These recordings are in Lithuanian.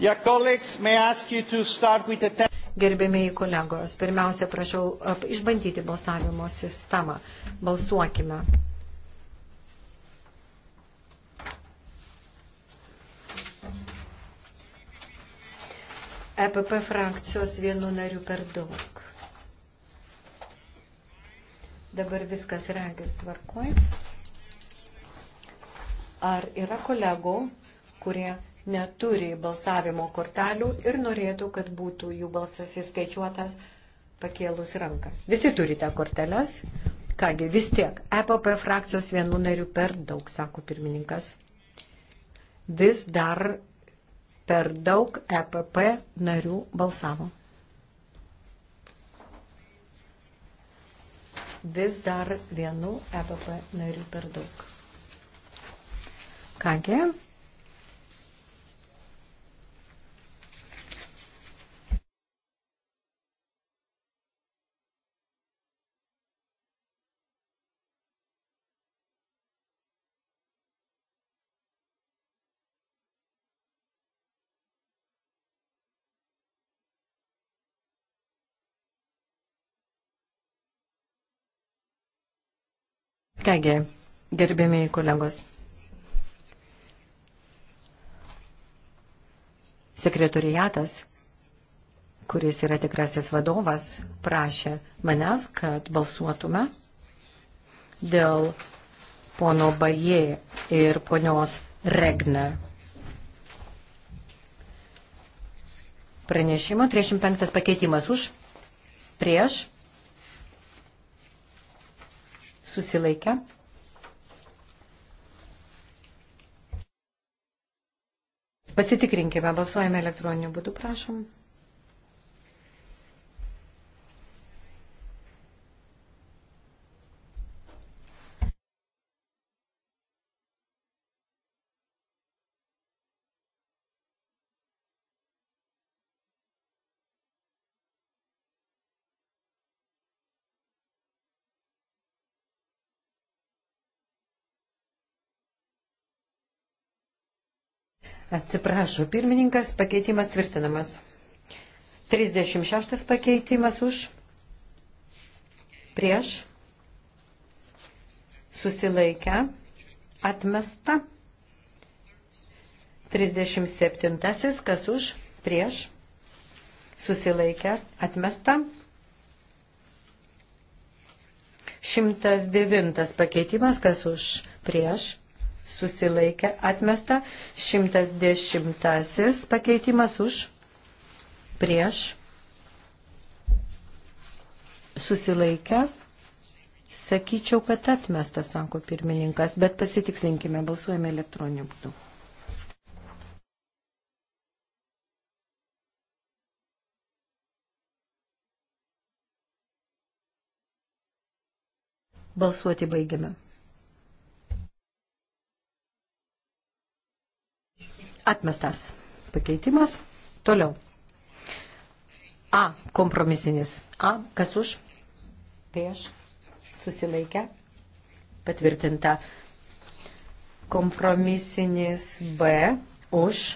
Gerbėmiai kolegos, pirmiausia, prašau išbandyti balsavimo sistemą. Balsuokime. EPP frakcijos vienu nariu per daug. Dabar viskas regis tvarkoj. Ar yra kolegų, kurie neturi balsavimo kortelių ir norėtų, kad būtų jų balsas įskaičiuotas pakėlus ranką. Visi turite korteles. Kągi, vis tiek, EPP frakcijos vienų narių per daug, sako pirmininkas. Vis dar per daug EPP narių balsavo. Vis dar vienu EPP nariu per daug. Kągi, Kągi, gerbėmiai kolegos. Sekretoriatas, kuris yra tikrasis vadovas, prašė manęs, kad balsuotume dėl pono Baje ir ponios Regner. Pranešimo 35 pakeitimas už, prieš, susilaikę. Pasitikrinkime, balsuojame elektroniniu būdu, prašom. Atsiprašau, pirmininkas, pakeitimas tvirtinamas. 36 pakeitimas už, prieš, susilaikę, atmesta. 37 kas už, prieš, susilaikę, atmesta. 109 pakeitimas kas už, prieš, susilaikė atmesta. 110 pakeitimas už prieš susilaikę. Sakyčiau, kad atmestas, sako pirmininkas, bet pasitikslinkime, balsuojame elektroniniu būdu. Balsuoti baigiame. Atmestas pakeitimas. Toliau. A. Kompromisinis. A. Kas už? Prieš. Susilaikę. Patvirtinta. Kompromisinis B. Už.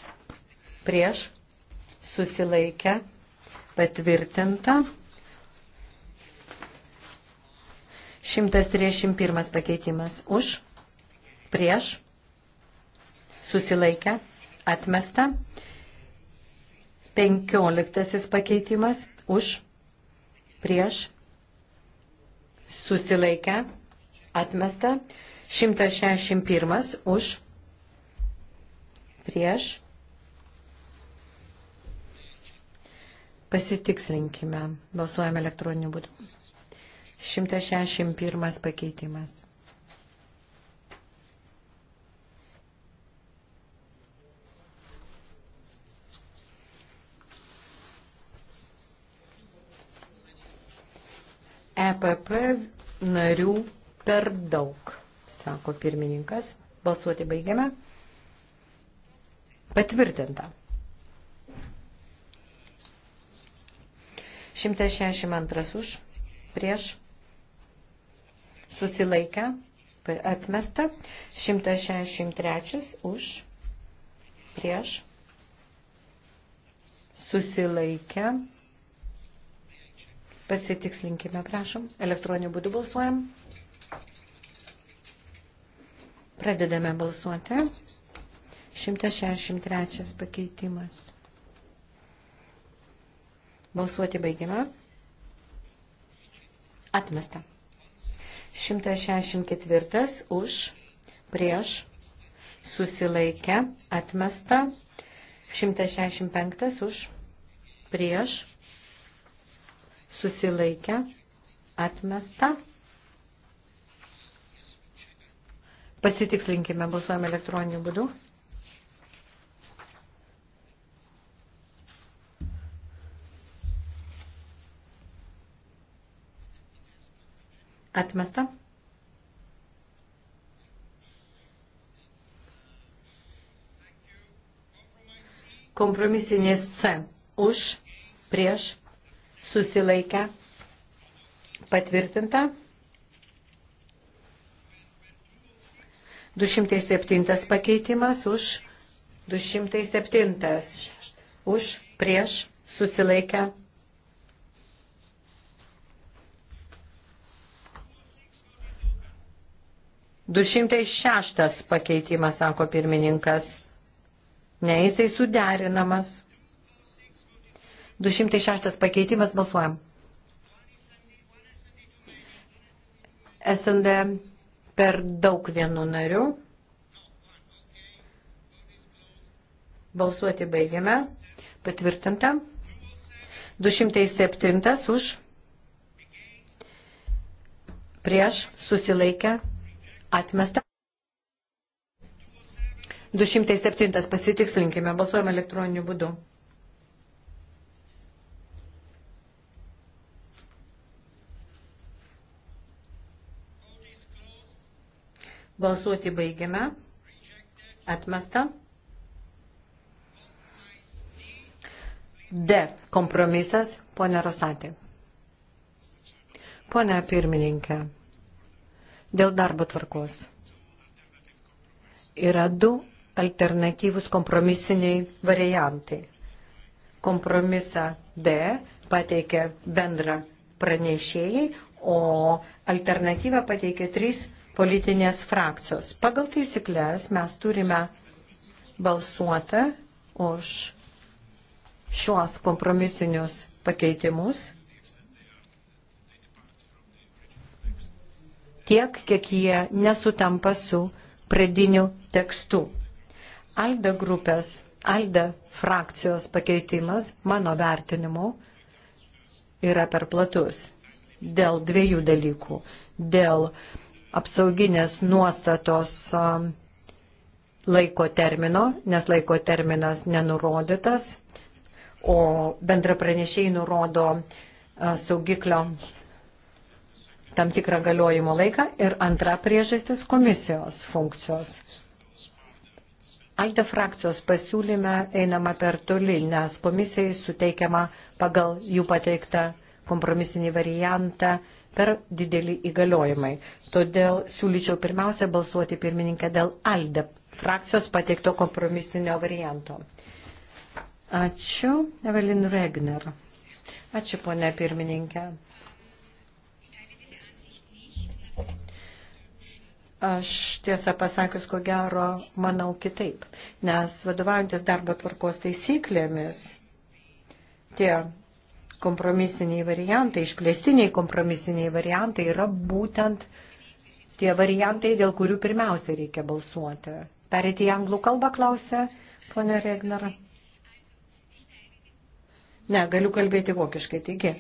Prieš. Susilaikę. Patvirtinta. 131 pakeitimas. Už. Prieš. Susilaikę Atmesta. Penkioliktasis pakeitimas už, prieš, susilaikę, atmesta. 161 už, prieš. Pasitikslinkime, balsuojame elektroniniu būdu. 161 pakeitimas. EPP narių per daug, sako pirmininkas. Balsuoti baigiame. Patvirtinta. 162 už, prieš, susilaikę, atmesta, 163 už, prieš, susilaikę, Pasitikslinkime, prašom. Elektroniniu būdu balsuojam. Pradedame balsuoti. 163 pakeitimas. Balsuoti baigiame. Atmesta. 164 už, prieš, susilaikę, atmesta. 165 už, prieš, susilaikę, atmesta. Pasitikslinkime, balsuojame elektroniniu būdu. Atmesta. Kompromisinis C. Už, prieš, susilaikę, patvirtinta. 207 pakeitimas už 207 už prieš susilaikę. Du šimtai šeštas pakeitimas, sako pirmininkas. Ne, jisai suderinamas. 206 pakeitimas balsuojam. SND per daug vienų narių. Balsuoti baigiame. Patvirtinta. 207 už. Prieš susilaikę atmestą. 207 pasitikslinkime. Balsuojame elektroniniu būdu. Balsuoti baigiame. Atmesta. D. Kompromisas. Pone Rosatė. Pone pirmininkė, dėl darbo tvarkos yra du alternatyvus kompromisiniai variantai. Kompromisą D pateikia bendra pranešėjai, o alternatyvą pateikia trys pranešėjai politinės frakcijos. Pagal taisyklės mes turime balsuoti už šiuos kompromisinius pakeitimus tiek, kiek jie nesutampa su pradiniu tekstu. Alda grupės, Alda frakcijos pakeitimas, mano vertinimu, yra per platus dėl dviejų dalykų. Dėl uh, apsauginės nuostatos um, laiko termino, nes laiko terminas nenurodytas, o bendra pranešiai nurodo uh, saugiklio tam tikrą galiojimo laiką ir antra priežastis komisijos funkcijos. Alde frakcijos pasiūlyme einama per toli, nes komisijai suteikiama pagal jų pateiktą kompromisinį variantą per didelį įgaliojimai. Todėl siūlyčiau pirmiausia balsuoti pirmininkę dėl ALDE frakcijos pateikto kompromisinio varianto. Ačiū, Evelin Regner. Ačiū, ponė pirmininkė. Aš tiesą pasakius, ko gero, manau kitaip, nes vadovaujantis darbo tvarkos taisyklėmis tie kompromisiniai variantai, išplėstiniai kompromisiniai variantai yra būtent tie variantai, dėl kurių pirmiausia reikia balsuoti. Perėti į anglų kalbą klausė ponė Regner. Ne, galiu kalbėti vokiškai, taigi.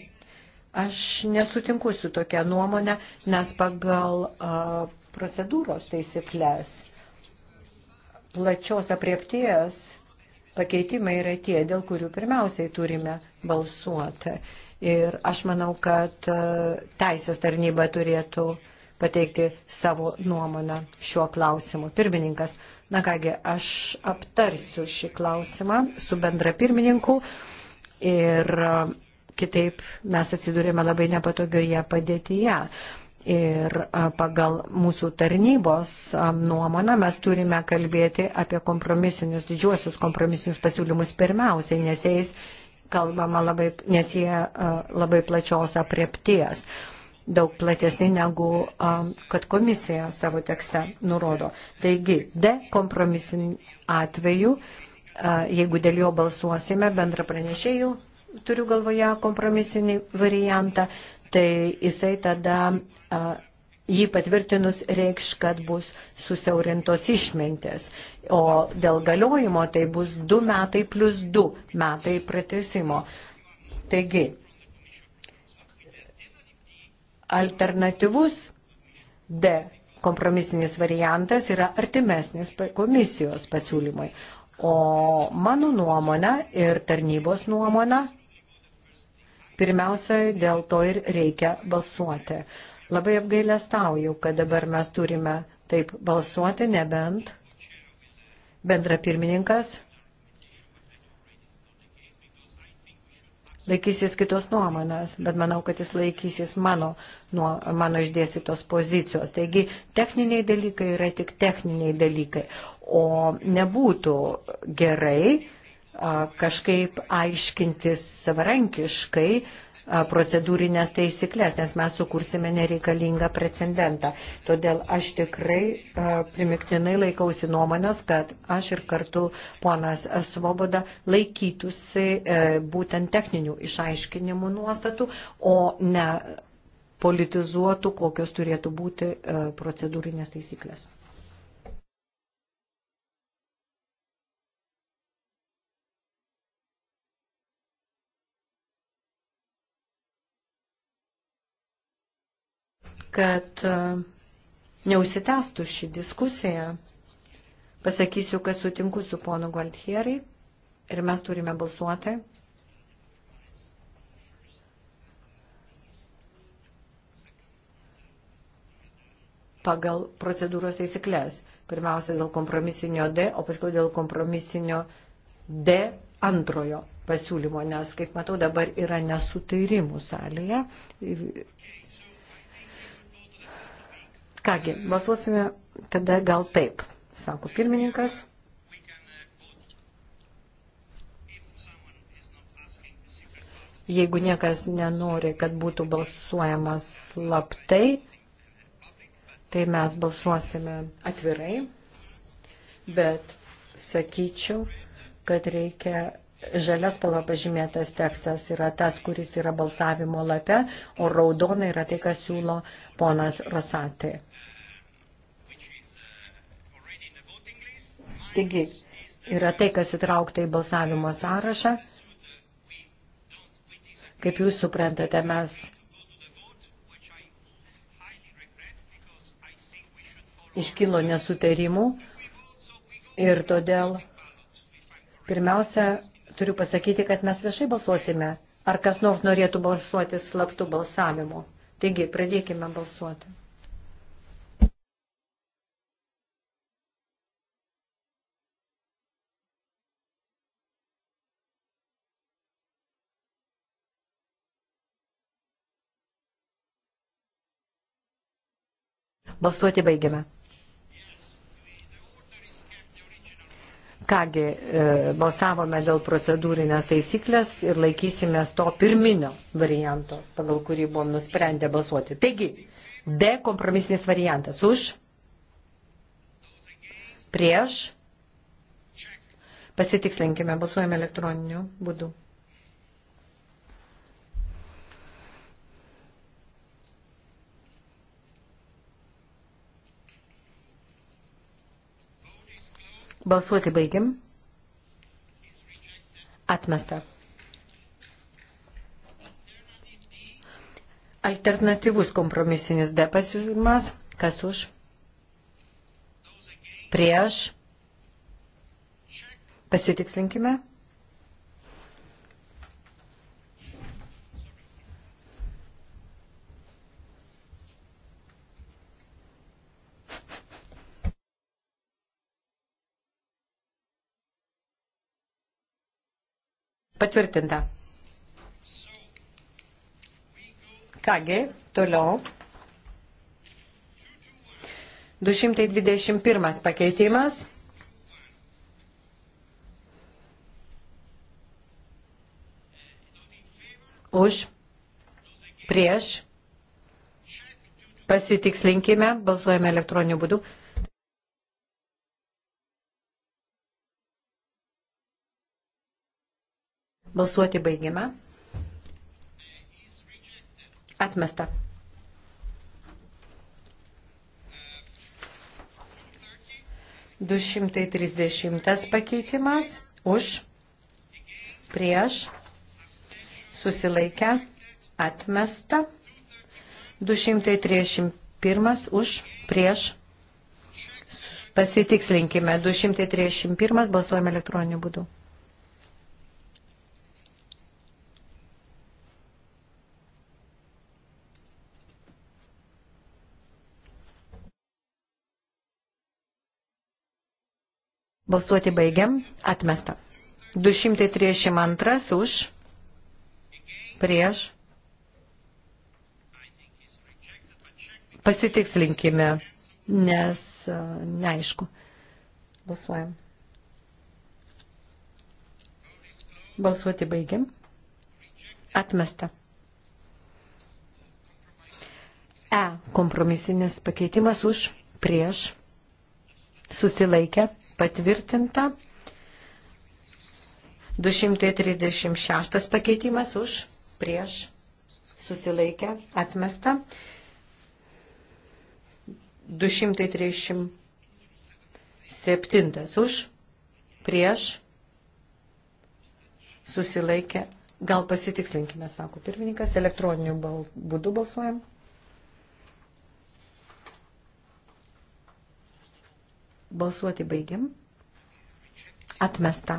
Aš nesutinku su tokia nuomonė, nes pagal uh, procedūros taisyklės plačios apriepties pakeitimai yra tie, dėl kurių pirmiausiai turime balsuoti. Ir aš manau, kad e, teisės tarnyba turėtų pateikti savo nuomonę šiuo klausimu. Pirmininkas, na kągi, aš aptarsiu šį klausimą su bendra pirmininku ir e, kitaip mes atsidūrėme labai nepatogioje padėtyje. Ir pagal mūsų tarnybos nuomonę mes turime kalbėti apie kompromisinius, didžiuosius kompromisinius pasiūlymus pirmiausiai, nes jais kalbama labai, nes jie labai plačios apriepties, daug platesni negu kad komisija savo tekste nurodo. Taigi, D kompromisinį atveju, jeigu dėl jo balsuosime, bendra pranešėjų turiu galvoje kompromisinį variantą, tai jisai tada jį patvirtinus reikš, kad bus susiaurintos išmintės. O dėl galiojimo tai bus 2 metai plus 2 metai pratesimo. Taigi, alternatyvus D kompromisinis variantas yra artimesnis komisijos pasiūlymai. O mano nuomonė ir tarnybos nuomonė Pirmiausia, dėl to ir reikia balsuoti. Labai apgailestauju, kad dabar mes turime taip balsuoti, nebent bendra pirmininkas laikysis kitos nuomonės, bet manau, kad jis laikysis mano, nuo, mano išdėstytos pozicijos. Taigi techniniai dalykai yra tik techniniai dalykai, o nebūtų gerai kažkaip aiškintis savarankiškai procedūrinės taisyklės, nes mes sukursime nereikalingą precedentą. Todėl aš tikrai primiktinai laikausi nuomonės, kad aš ir kartu ponas Svoboda laikytųsi e, būtent techninių išaiškinimų nuostatų, o ne politizuotų, kokios turėtų būti e, procedūrinės taisyklės. kad e, neusitęstų šį diskusiją. Pasakysiu, kad sutinku su ponu Gualtieri ir mes turime balsuoti. pagal procedūros teisiklės. Pirmiausia dėl kompromisinio D, o paskui dėl kompromisinio D antrojo pasiūlymo, nes, kaip matau, dabar yra nesutairimų salėje Kągi, balsuosime tada gal taip, sako pirmininkas. Jeigu niekas nenori, kad būtų balsuojamas slaptai, tai mes balsuosime atvirai, bet sakyčiau, kad reikia žalias spalva pažymėtas tekstas yra tas, kuris yra balsavimo lape, o raudona yra tai, kas siūlo ponas Rosatai. Taigi, yra tai, kas įtraukta į balsavimo sąrašą. Kaip jūs suprantate, mes iškilo nesutarimų ir todėl pirmiausia turiu pasakyti, kad mes viešai balsuosime. Ar kas nors norėtų balsuoti slaptų balsavimu? Taigi, pradėkime balsuoti. Balsuoti baigiame. Kągi, e, balsavome dėl procedūrinės taisyklės ir laikysimės to pirminio varianto, pagal kurį buvom nusprendę balsuoti. Taigi, D kompromisinis variantas už, prieš, pasitikslinkime, balsuojame elektroniniu būdu. Balsuoti baigiam. Atmesta. Alternatyvus kompromisinis D pasiūlymas. Kas už? Prieš. Pasitikslinkime. Patvirtinta. Kągi, toliau. 221 pakeitimas. Už, prieš, pasitikslinkime, balsuojame elektroniniu būdu. Balsuoti baigiame. Atmesta. Du šimtai trisdešimtas pakeitimas už, prieš, susilaikę, atmesta. Du šimtai trisdešimt pirmas už, prieš, pasitikslinkime. Du šimtai trisdešimt pirmas balsuojame elektroniniu būdu. Balsuoti baigiam. Atmesta. 232 už. Prieš. Pasitikslinkime, nes e, neaišku. Balsuojam. Balsuoti baigiam. Atmesta. E. Kompromisinis pakeitimas už prieš susilaikę patvirtinta. 236 pakeitimas už, prieš, susilaikę, atmesta. 237 už, prieš, susilaikę. Gal pasitikslinkime, sako pirmininkas, elektroniniu būdu balsuojam. Balsuoti baigiam. Atmesta.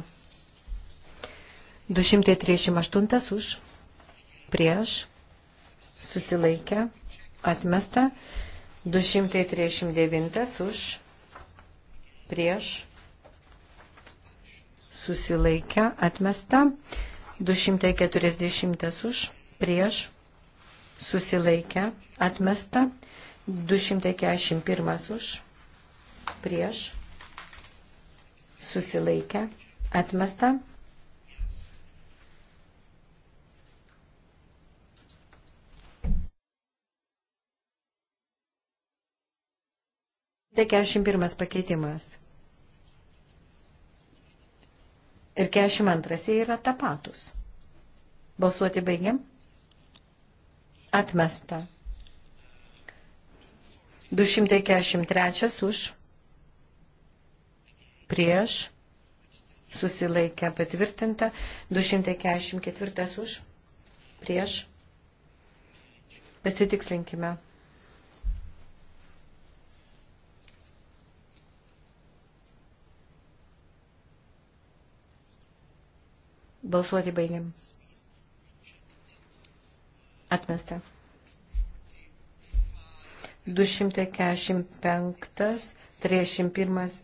238 už, prieš, susilaikę, atmesta. 239 už, prieš, susilaikę, atmesta. 240 už, prieš, susilaikę, atmesta. 241 už, prieš, susilaikę, atmesta. Tai 41 pakeitimas. Ir 42 yra tapatus. Balsuoti baigiam. Atmesta. 243 už prieš, susilaikę patvirtinta, 244 už, prieš. Pasitikslinkime. Balsuoti baigiam. Atmesta. 245, 31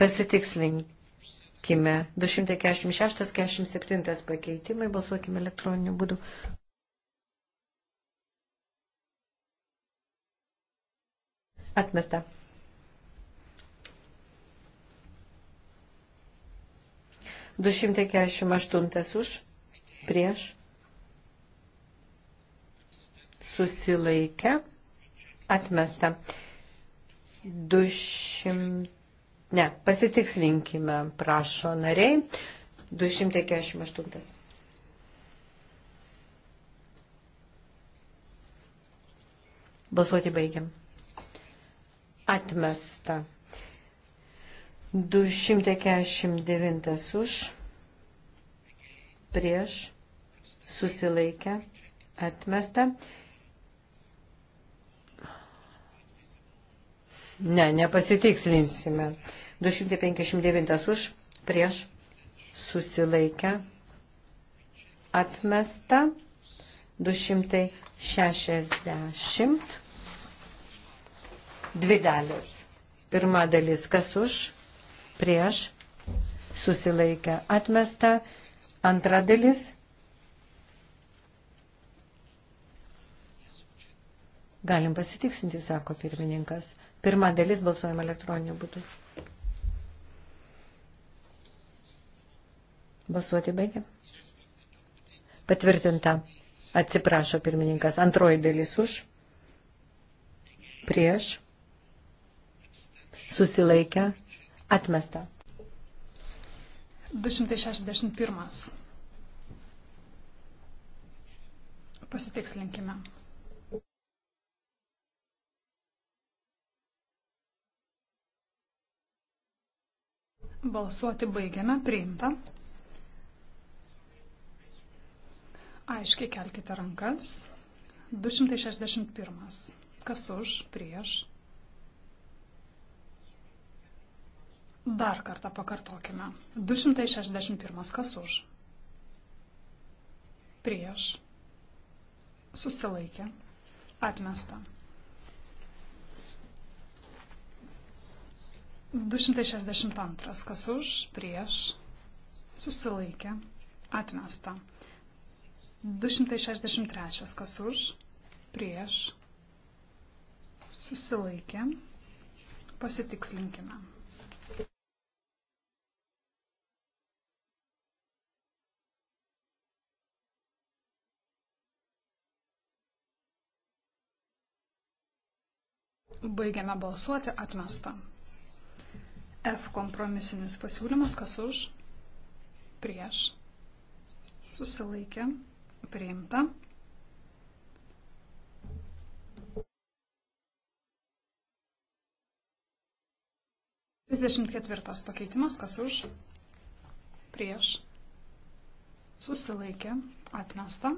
Pasitikslinkime. 246-47 pakeitimai. Balsuokime elektroniniu būdu. Atmesta. Du šimtai kešim aštuntas už, prieš, susilaikę, atmesta. Du šimtai. Ne, pasitikslinkime, prašo nariai. 248. Balsuoti baigiam. Atmesta. 249 už, prieš, susilaikę, atmesta. Ne, nepasitikslinsime. 259 už, prieš, susilaikę, atmesta. 260. Dvi dalis. Pirma dalis, kas už, prieš, susilaikę, atmesta. Antra dalis. Galim pasitiksinti, sako pirmininkas. Pirma dalis balsuojama elektroniniu būdu. Balsuoti baigia. Patvirtinta. Atsiprašo pirmininkas. Antroji dalis už. Prieš. Susilaikę. Atmesta. 261. Pasitikslinkime. Balsuoti baigiame. Priimta. Aiškiai kelkite rankas. 261. Kas už, prieš. Dar kartą pakartokime. 261. Kas už? Prieš. Susilaikė. Atmesta. 262. Kas už, prieš, susilaikė, atmesta. 263. Kas už, prieš, susilaikė, pasitikslinkime. Baigiame balsuoti atmestą. F kompromisinis pasiūlymas, kas už, prieš, susilaikė, priimta. Trisdešimt ketvirtas pakeitimas, kas už, prieš, susilaikė, atmesta.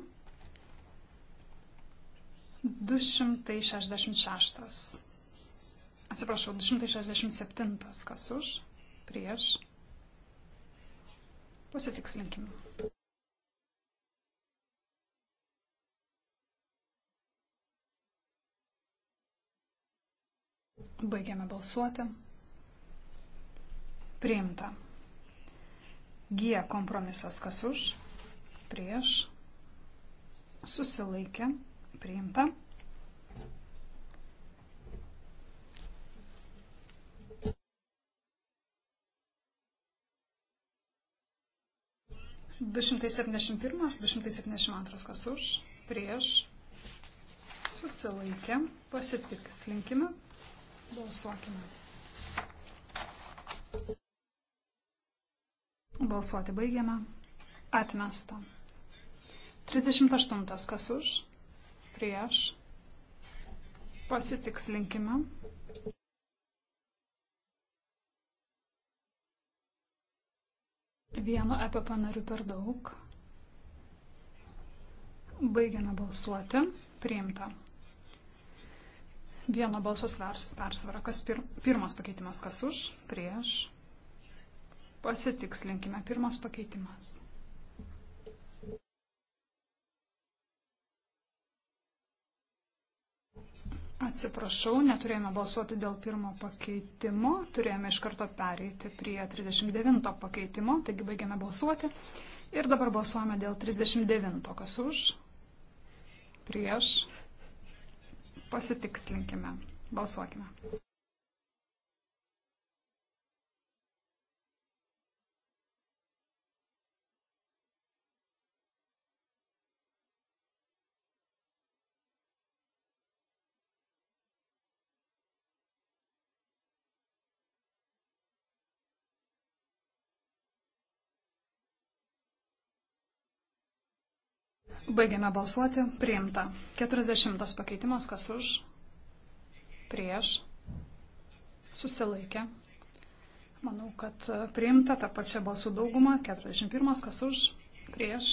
266. Atsiprašau, 267. Kas už? Prieš? Pasitikslinkim. Baigiame balsuoti. Priimta. G kompromisas kas už, prieš, susilaikė, priimta. 271, 272 kas už, prieš, susilaikė, pasitikslinkime, balsuokime. Balsuoti baigiame, atmesta. 38 kas už, prieš, pasitikslinkime, balsuokime. Vienu EPP nariu per daug. Baigiame balsuoti. Priimta. Vieno balsos persvara. Kas pir, pirmas pakeitimas, kas už, prieš. Pasitikslinkime. Pirmas pakeitimas. Atsiprašau, neturėjome balsuoti dėl pirmo pakeitimo, turėjome iš karto pereiti prie 39 pakeitimo, taigi baigėme balsuoti. Ir dabar balsuojame dėl 39, kas už, prieš, pasitikslinkime, balsuokime. Baigiame balsuoti. Priimta. 40 pakeitimas. Kas už? Prieš. Susilaikė. Manau, kad priimta tą pačią balsų daugumą. 41. Kas už? Prieš.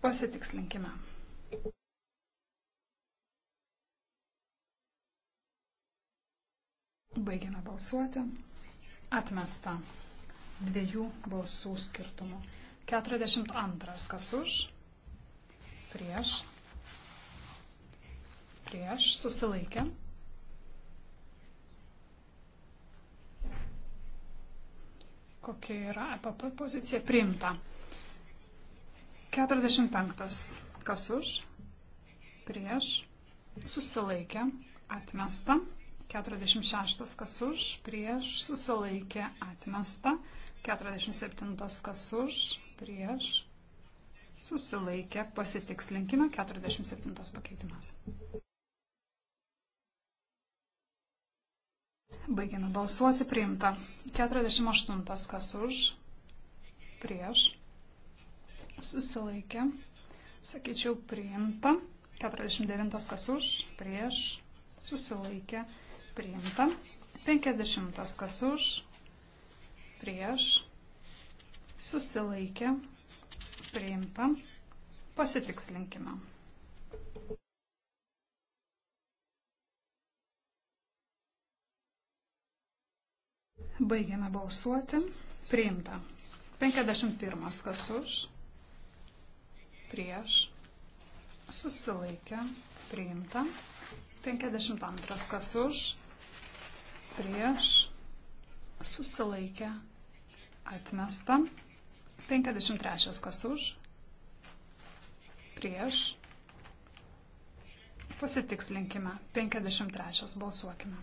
Pasitikslinkime. Baigiame balsuoti. Atmesta dviejų balsų skirtumų. 42. Kas už? Prieš. Prieš. Susilaikė. Kokia yra EPP pozicija? Priimta. 45. Kas už? Prieš. Susilaikė. Atmesta. 46 kas už, prieš susilaikė atmesta, 47 kas už, prieš, susilaikė, pasitikslinkime, 47 pakeitimas. Baigiame balsuoti, priimta. 48 kas už, prieš, susilaikė, sakyčiau, priimta. 49 kas už, prieš, susilaikė, priimta. 50 kas už, prieš, susilaikė, priimta, pasitikslinkime. Baigiame balsuoti, priimta. 51 kas už, prieš, susilaikė, priimta. 52 kas už, prieš, susilaikė, atmesta. 53 kas už, prieš. Pasitikslinkime. 53 balsuokime.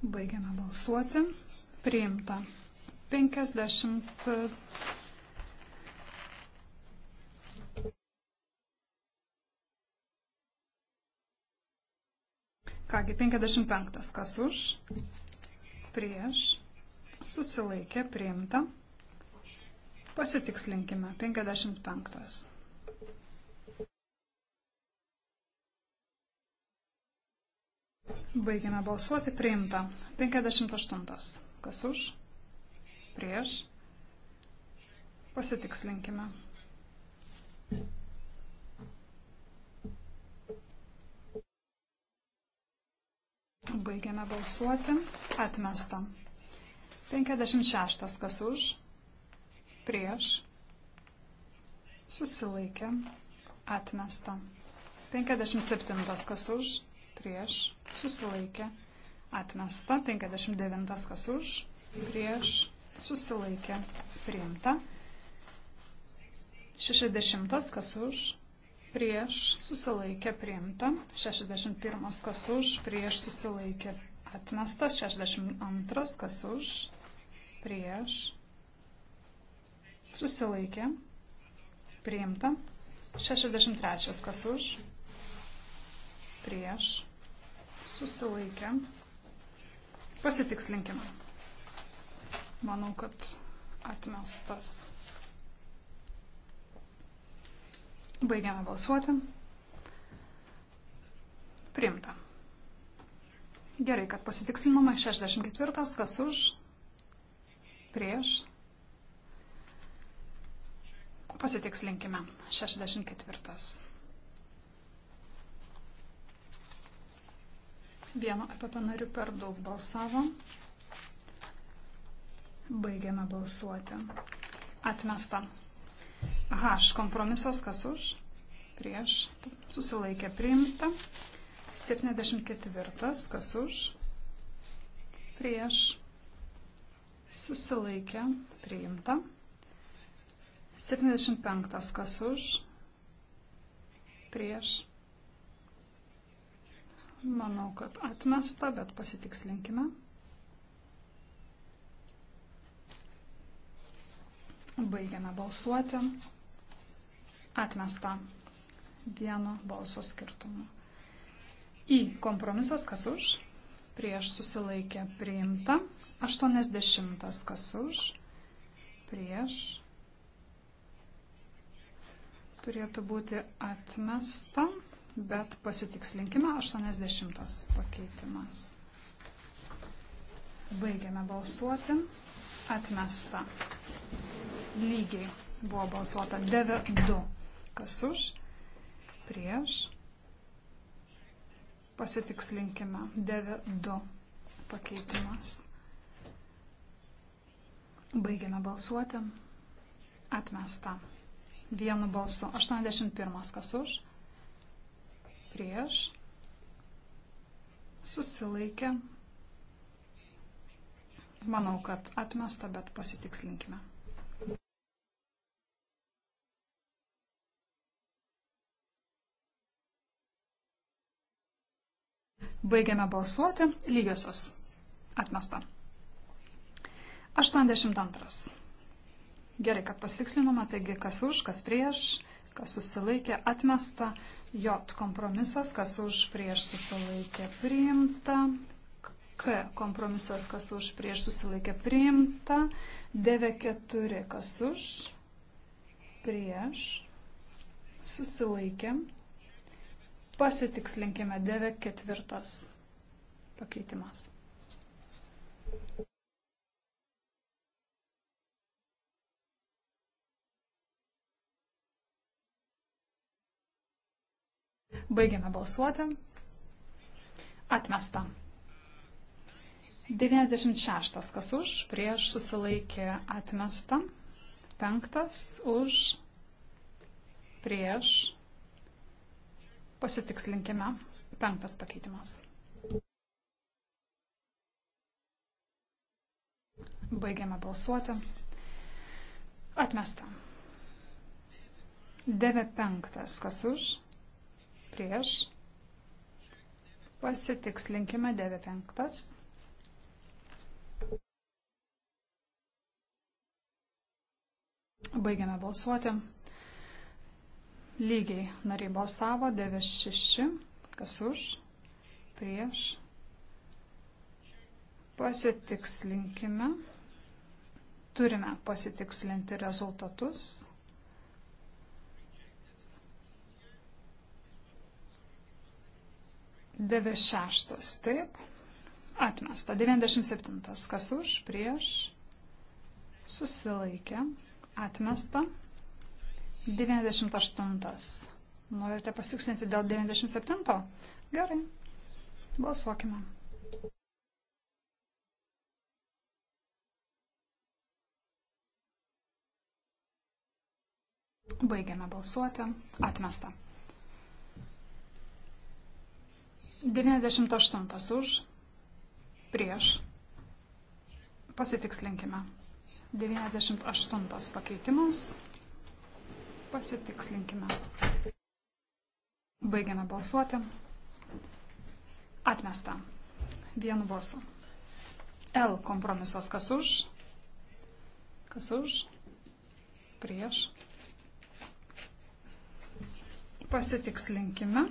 Baigiame balsuoti. Priimta. 50. 55. Kas už? prieš, susilaikė, priimta. Pasitikslinkime, 55. Baigiame balsuoti, priimta. 58. Kas už? Prieš. Pasitikslinkime. Baigiame balsuoti. Atmesta. 56. Kas už? Prieš. Susilaikė. Atmesta. 57. Kas už? Prieš. Susilaikė. Atmesta. 59. Kas už? Prieš. Susilaikė. Priimta. 60. Kas už? prieš susilaikė priimta, 61 kas už, prieš susilaikė Atmestas 62, kas už, prieš, susilaikė, priimta. 63, kas už, prieš, susilaikė. Pasitikslinkime. Manau, kad atmestas. Baigiame balsuoti. Priimta. Gerai, kad pasitikslinome 64, kas už, prieš. Pasitikslinkime 64. Vieno EPP narių per daug balsavo. Baigiame balsuoti. Atmesta. H. Kompromisas kas už? Prieš. Susilaikė priimta. 74. Kas už? Prieš. Susilaikė. Priimta. 75. Kas už? Prieš. Manau, kad atmesta, bet pasitikslinkime. Baigiame balsuoti. Atmesta vieno balso skirtumu. Į kompromisas kas už, prieš susilaikė priimta. 80 kas už, prieš turėtų būti atmesta, bet pasitikslinkime 80 pakeitimas. Baigiame balsuoti. Atmesta. Lygiai buvo balsuota 9-2. Kas už? Prieš Pasitikslinkime. 9-2 pakeitimas. Baigiame balsuoti. Atmesta. Vienu balsu. 81 kas už. Prieš. Susilaikė. Manau, kad atmesta, bet pasitikslinkime. Baigiame balsuoti. Lygiosios. Atmesta. 82. Gerai, kad pasikslinome, taigi kas už, kas prieš, kas susilaikė, atmesta. J kompromisas, kas už, prieš susilaikė, priimta. K kompromisas, kas už, prieš susilaikė, priimta. DV4, kas už, prieš susilaikė, priimta Pasitikslinkime, dėvė ketvirtas pakeitimas. Baigiame balsuoti. Atmesta. 96. Kas už? Prieš susilaikė atmesta. 5. Už. Prieš Pasitikslinkime. Penktas pakeitimas. Baigiame balsuoti. Atmesta. 9.5. Kas už? Prieš. Pasitikslinkime 9.5. Baigiame balsuoti. Lygiai nariai balsavo 96, kas už, prieš. Pasitikslinkime. Turime pasitikslinti rezultatus. Deve šeštas, taip. Atmesta. 97. Kas už, prieš. Susilaikė. Atmesta. 98. Norite pasiksinti dėl 97? Gerai. Balsuokime. Baigiame balsuoti. Atmesta. 98 už. Prieš. Pasitikslinkime. 98 pakeitimas. Pasitikslinkime. Baigiame balsuoti. Atmesta. Vienu balsu. L kompromisas kas už. Kas už. Prieš. Pasitikslinkime.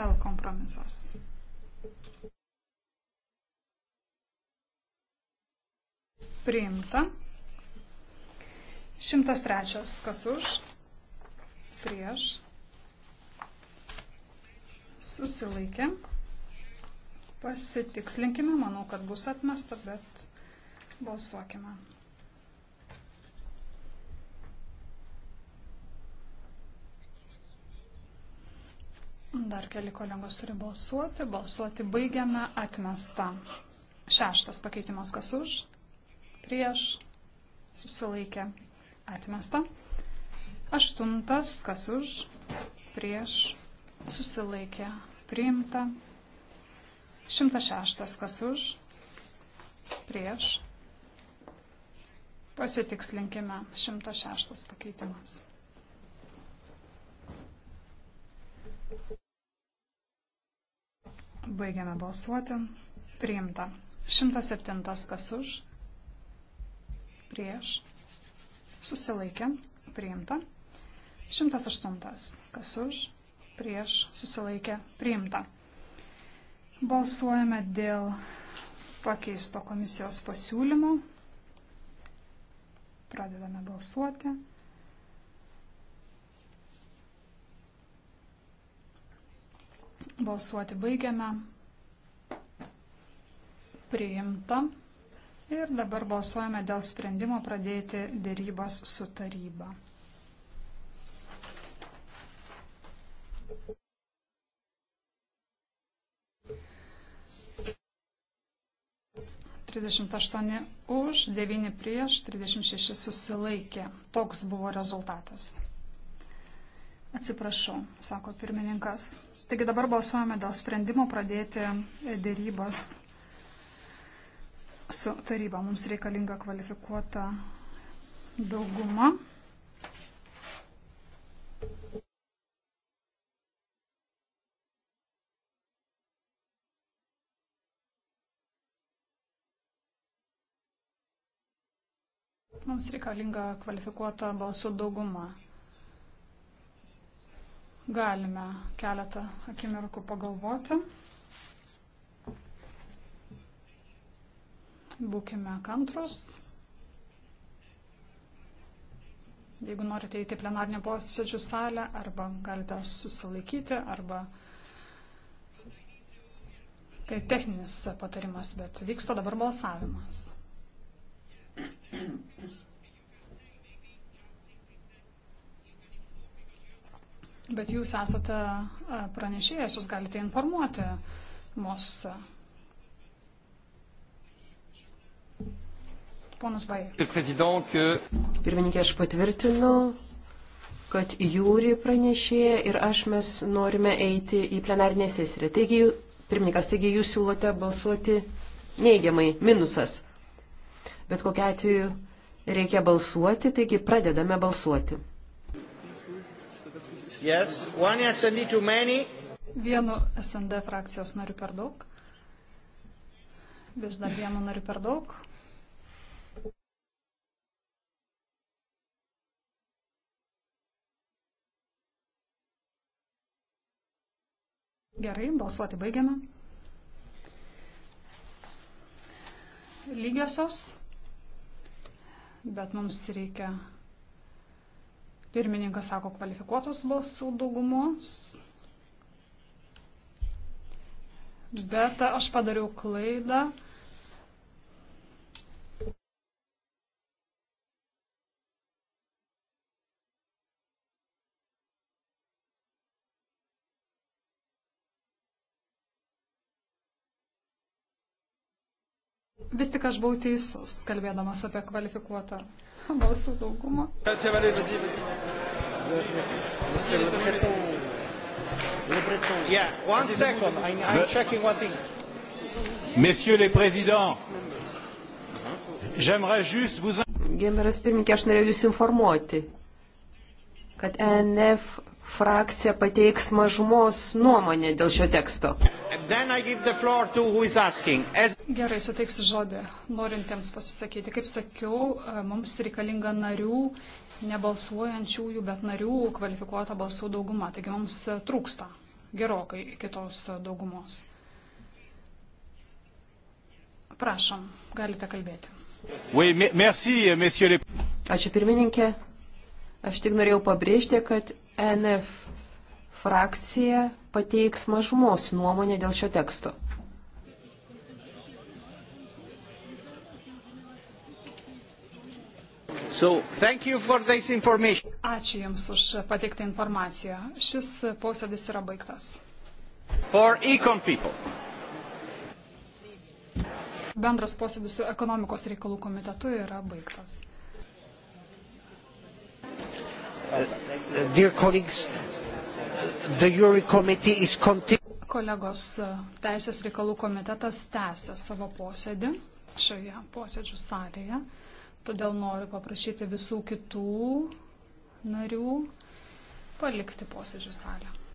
L kompromisas. Priimta. 103. Kas už? Prieš. Susilaikė. Pasitikslinkime, manau, kad bus atmesta, bet balsuokime. Dar keli kolegos turi balsuoti. Balsuoti baigiame atmestą. Šeštas pakeitimas kas už, prieš, susilaikė, atmesta. Aštuntas, kas už, prieš, susilaikė, priimta. Šimtas šeštas, kas už, prieš. Pasitikslinkime, šimtas šeštas pakeitimas. Baigiame balsuoti. Priimta. 107 kas už. Prieš susilaikė, priimta. 108. Kas už, prieš, susilaikė, priimta. Balsuojame dėl pakeisto komisijos pasiūlymo. Pradedame balsuoti. Balsuoti baigiame. Priimta. Ir dabar balsuojame dėl sprendimo pradėti dėrybas su taryba. Trisdešimt aštuoni už, devyni prieš, trisdešimt šeši susilaikė. Toks buvo rezultatas. Atsiprašau, sako pirmininkas. Taigi dabar balsuojame dėl sprendimo pradėti dėrybas su taryba. Mums reikalinga kvalifikuota dauguma. Mums reikalinga kvalifikuota balsų dauguma. Galime keletą akimirkų pagalvoti. būkime kantrus. Jeigu norite įti plenarnį posėdžių salę, arba galite susilaikyti, arba tai techninis patarimas, bet vyksta dabar balsavimas. Bet jūs esate pranešėjas, jūs galite informuoti mus Ponas Bai. Pirmininkė, aš patvirtinu, kad jūri pranešėja ir aš mes norime eiti į plenarinę sesiją. Taigi, pirmininkas, taigi jūs siūlote balsuoti neigiamai, minusas. Bet kokia atveju reikia balsuoti, taigi pradedame balsuoti. Yes, Vienu SND frakcijos nariu per daug. Vis dar vienu nariu per daug. Gerai, balsuoti baigiame. Lygiosios, bet mums reikia, pirmininkas sako, kvalifikuotos balsų daugumos. Bet aš padariau klaidą. Vis tik aš buvau teisus, kalbėdamas apie kvalifikuotą balsų daugumą. Messieurs les présidents, j'aimerais juste vous... Gemeras pirmininkė, aš norėjau jūs informuoti, kad ENF frakcija pateiks mažumos nuomonę dėl šio teksto. To, As... Gerai, suteiksiu žodį norintiems pasisakyti. Kaip sakiau, e, mums reikalinga narių, nebalsuojančiųjų, bet narių kvalifikuota balsų dauguma. Taigi mums e, trūksta gerokai kitos e, daugumos. Prašom, galite kalbėti. Oui, merci, les... Ačiū pirmininkė, Aš tik norėjau pabrėžti, kad NF frakcija pateiks mažumos nuomonę dėl šio teksto. So, Ačiū Jums už pateiktą informaciją. Šis posėdis yra baigtas. Bendras posėdis su ekonomikos reikalų komitetu yra baigtas. Kolegos, Teisės reikalų komitetas tęsia savo posėdį šioje posėdžių salėje, todėl noriu paprašyti visų kitų narių palikti posėdžių salę.